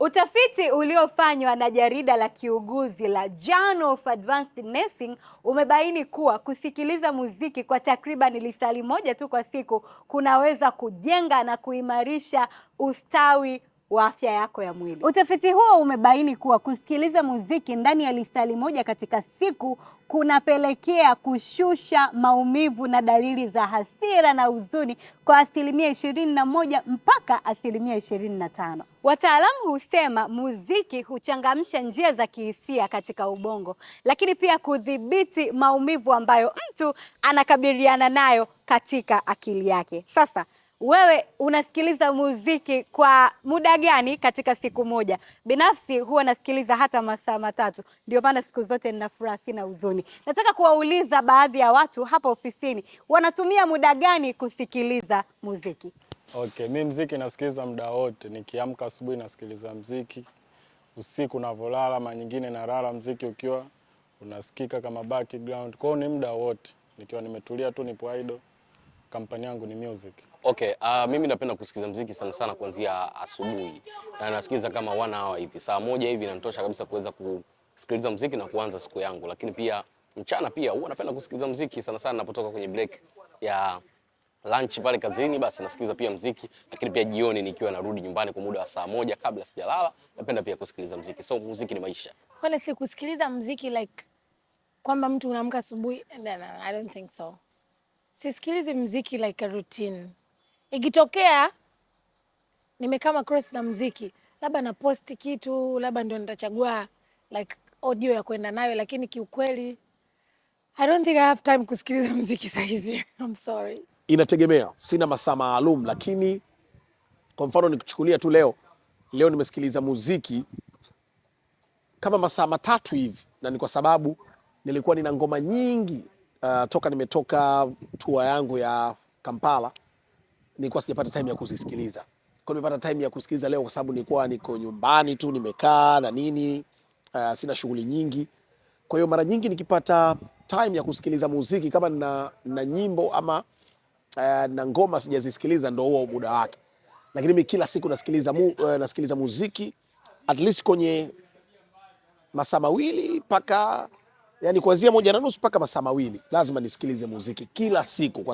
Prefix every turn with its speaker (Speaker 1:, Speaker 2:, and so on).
Speaker 1: Utafiti uliofanywa na jarida la kiuguzi la Journal of Advanced Nursing umebaini kuwa kusikiliza muziki kwa takriban lisali moja tu kwa siku kunaweza kujenga na kuimarisha ustawi wa afya yako ya mwili.
Speaker 2: Utafiti huo umebaini kuwa kusikiliza muziki ndani ya lisali moja katika siku kunapelekea kushusha maumivu na dalili za hasira na huzuni kwa asilimia ishirini na moja mpaka asilimia ishirini na tano.
Speaker 1: Wataalamu husema muziki huchangamsha njia za kihisia katika ubongo, lakini pia kudhibiti maumivu ambayo mtu anakabiliana nayo katika akili yake. Sasa wewe unasikiliza muziki kwa muda gani katika siku moja? Binafsi huwa nasikiliza hata masaa matatu, ndio maana siku zote nina furaha, sina huzuni. Nataka kuwauliza baadhi ya watu hapa ofisini wanatumia muda gani kusikiliza muziki?
Speaker 3: Okay, mi mziki nasikiliza muda wote. Nikiamka asubuhi nasikiliza mziki, usiku navolala, ma nyingine nalala mziki ukiwa unasikika kama background. Kwao ni muda wote, nikiwa nimetulia tu, nipo idle kampani yangu ni music.
Speaker 4: Okay, uh, mimi napenda kusikiza mziki sana sana kuanzia asubuhi na nasikiliza kama wana hour hivi, saa moja hivi inanitosha kabisa kuweza kusikiliza mziki na kuanza siku yangu, lakini pia mchana pia huwa napenda kusikiliza mziki sana sana napotoka kwenye break ya lunch pale kazini, basi nasikiliza pia mziki, lakini pia jioni nikiwa narudi nyumbani kwa muda wa saa moja kabla sijalala, napenda pia kusikiliza mziki. So muziki ni maisha.
Speaker 5: Honestly, kusikiliza mziki like kwamba mtu unaamka asubuhi, I don't think so sisikilizi mziki like a routine. Ikitokea nimekama cross na mziki, labda na posti kitu, labda ndio nitachagua like audio ya kwenda nayo, lakini kiukweli I don't think I have time kusikiliza mziki saizi. I'm sorry.
Speaker 6: Inategemea, sina masaa maalum, lakini kwa mfano nikuchukulia tu leo, leo nimesikiliza muziki kama masaa matatu hivi, na ni kwa sababu nilikuwa nina ngoma nyingi uh, toka nimetoka tua yangu ya Kampala nilikuwa sijapata time ya kuzisikiliza. Kwa nimepata time ya kusikiliza leo kwa sababu nilikuwa niko nyumbani tu nimekaa na nini, uh, sina shughuli nyingi. Kwa hiyo mara nyingi nikipata time ya kusikiliza muziki kama na, na nyimbo ama uh, na ngoma sijazisikiliza ndio huo muda wake. Lakini mimi kila siku nasikiliza, mu, uh, nasikiliza muziki at least kwenye masaa mawili mpaka yani kuanzia moja na nusu mpaka masaa mawili lazima nisikilize muziki kila siku.